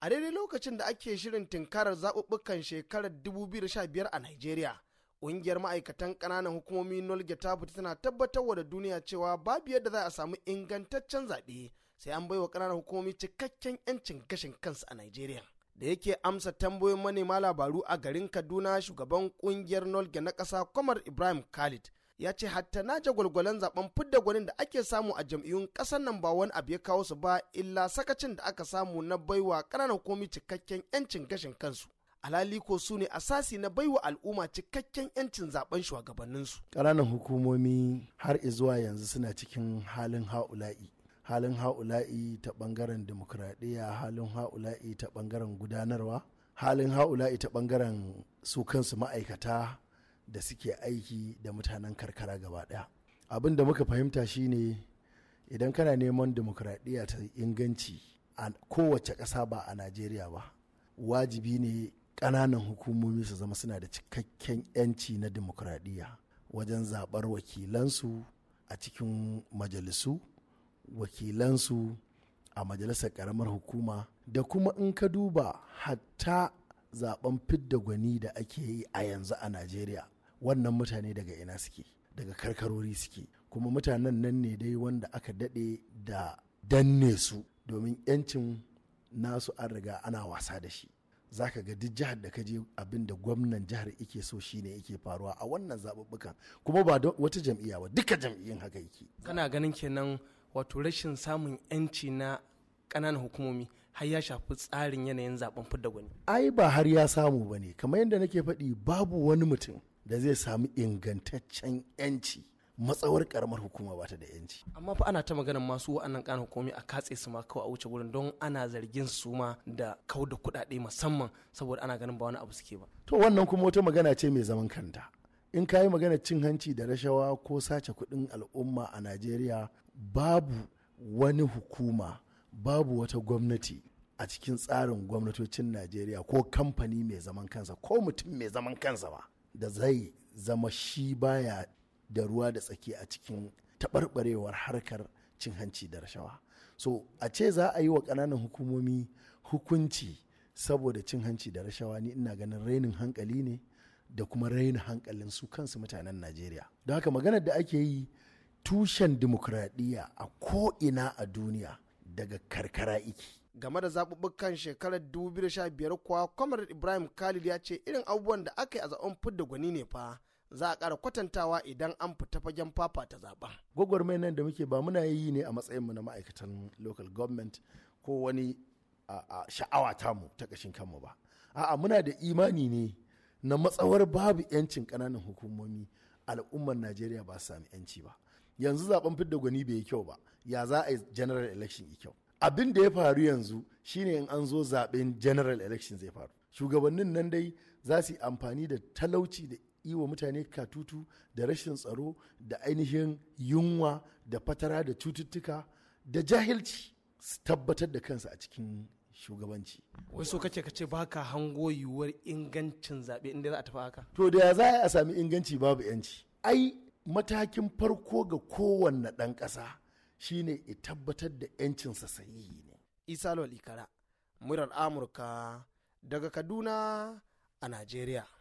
a daidai lokacin da ake shirin tinkarar zaɓuɓɓukan shekarar 2015 a Najeriya. Ƙungiyar ma'aikatan ƙananan hukumomi Nolge ta fita tana tabbatarwa da duniya cewa babu yadda za a samu ingantaccen zaɓe sai an baiwa ƙananan hukumomi cikakken 'yancin gashin kansu a Najeriya. Da yake amsa tambayoyin manema labaru a garin Kaduna shugaban ƙungiyar Nolge na ƙasa Kwamar Ibrahim Khalid ya ce hatta na gwalgwalen zaben fidda gwanin da ake samu a jam'iyyun ƙasar nan ba wani abu ya kawo su ba illa sakacin da aka samu na baiwa ƙananan komi cikakken 'yancin gashin kansu alhali ko su ne asasi na baiwa al'umma cikakken 'yancin zaben su. ƙananan hukumomi har zuwa yanzu suna cikin halin ha'ula'i halin ha'ula'i ta ɓangaren dimokuraɗiyya halin ha'ula'i ta ɓangaren gudanarwa halin ha'ula'i ta bangaren su kansu ma'aikata da suke aiki da mutanen karkara gaba ɗaya abin da muka fahimta shine idan kana neman demokradiyya ta inganci a kowace ƙasa ba a najeriya ba wajibi ne ƙananan hukumomi su zama suna da cikakken 'yanci na demokradiyya wajen zaɓar wakilansu a cikin majalisu wakilansu a majalisar ƙaramar hukuma da kuma in ka duba hatta zaben fidda gwani da ake yi a yanzu a najeriya wannan mutane daga ina suke daga karkarori suke kuma mutanen nan ne dai wanda aka daɗe da danne su domin 'yancin nasu an riga ana wasa da shi za ka ga duk jihar da ka je abin da gwamnan jihar ike so shine ike faruwa a wannan zaɓuɓɓukan kuma ba wata jam'iyya ba duka jam'iyyun haka yake kana ganin kenan wato rashin samun 'yanci na ƙananan hukumomi har ya shafi tsarin yanayin zaben fidda gwani ai ba har ya samu ba ne kamar yadda nake faɗi babu wani mutum da zai samu ingantaccen 'yanci matsawar karamar hukuma ba ta da yanci amma fa ana ta maganar masu wa'annan kanan hukumomi a katse su ma kawai a wuce gurin don ana zargin su ma da kau da kuɗaɗe musamman saboda ana ganin ba wani abu suke ba to wannan kuma wata magana ce mai zaman kanta in ka yi magana cin hanci da rashawa ko sace kuɗin al'umma a najeriya babu wani hukuma babu wata gwamnati a cikin tsarin gwamnatocin najeriya ko kamfani mai zaman kansa ko mutum mai zaman kansa ba da zai zama shi baya da ruwa da tsaki a cikin taɓarɓarewar harkar cin hanci da rashawa so a ce za a yi wa ƙananan hukumomi hukunci saboda cin hanci da rashawa ni ina ganin rainin hankali ne da kuma rainin hankalin su kansu mutanen najeriya don haka maganar da ake yi tushen dimokuraɗiyya a ko'ina a duniya daga karkara iki game da zaɓuɓɓukan shekarar 2015 kuwa kwamar ibrahim khalid ya ce irin abubuwan da aka yi a zaɓen fidda gwani ne fa za a ƙara kwatantawa idan an fita fagen fafa ta zaɓa. gwagwarmai nan da muke ba muna yi ne a matsayinmu na ma'aikatan local government ko wani sha'awa mu ta ƙashin kanmu ba a'a muna da imani ne na matsawar babu 'yancin ƙananan hukumomi al'ummar najeriya ba su sami 'yanci ba yanzu zaɓen fidda gwani bai yi kyau ba ya za a yi general election yi kyau abin da ya faru yanzu shine in an zo zaben general election zai faru shugabannin nan dai za su yi amfani da talauci da iwa mutane katutu da rashin tsaro da ainihin yunwa da fatara da cututtuka da jahilci su tabbatar da kansa a cikin shugabanci Wai so kace kace baka hango yiwuwar ingancin zaɓe inda za a tafi haka to da ya za a sami inganci babu yanci ai matakin farko ga kowanne ɗan ƙasa shine ya tabbatar da 'yancinsa sahihi ne isa lalikara murar amurka daga kaduna a najeriya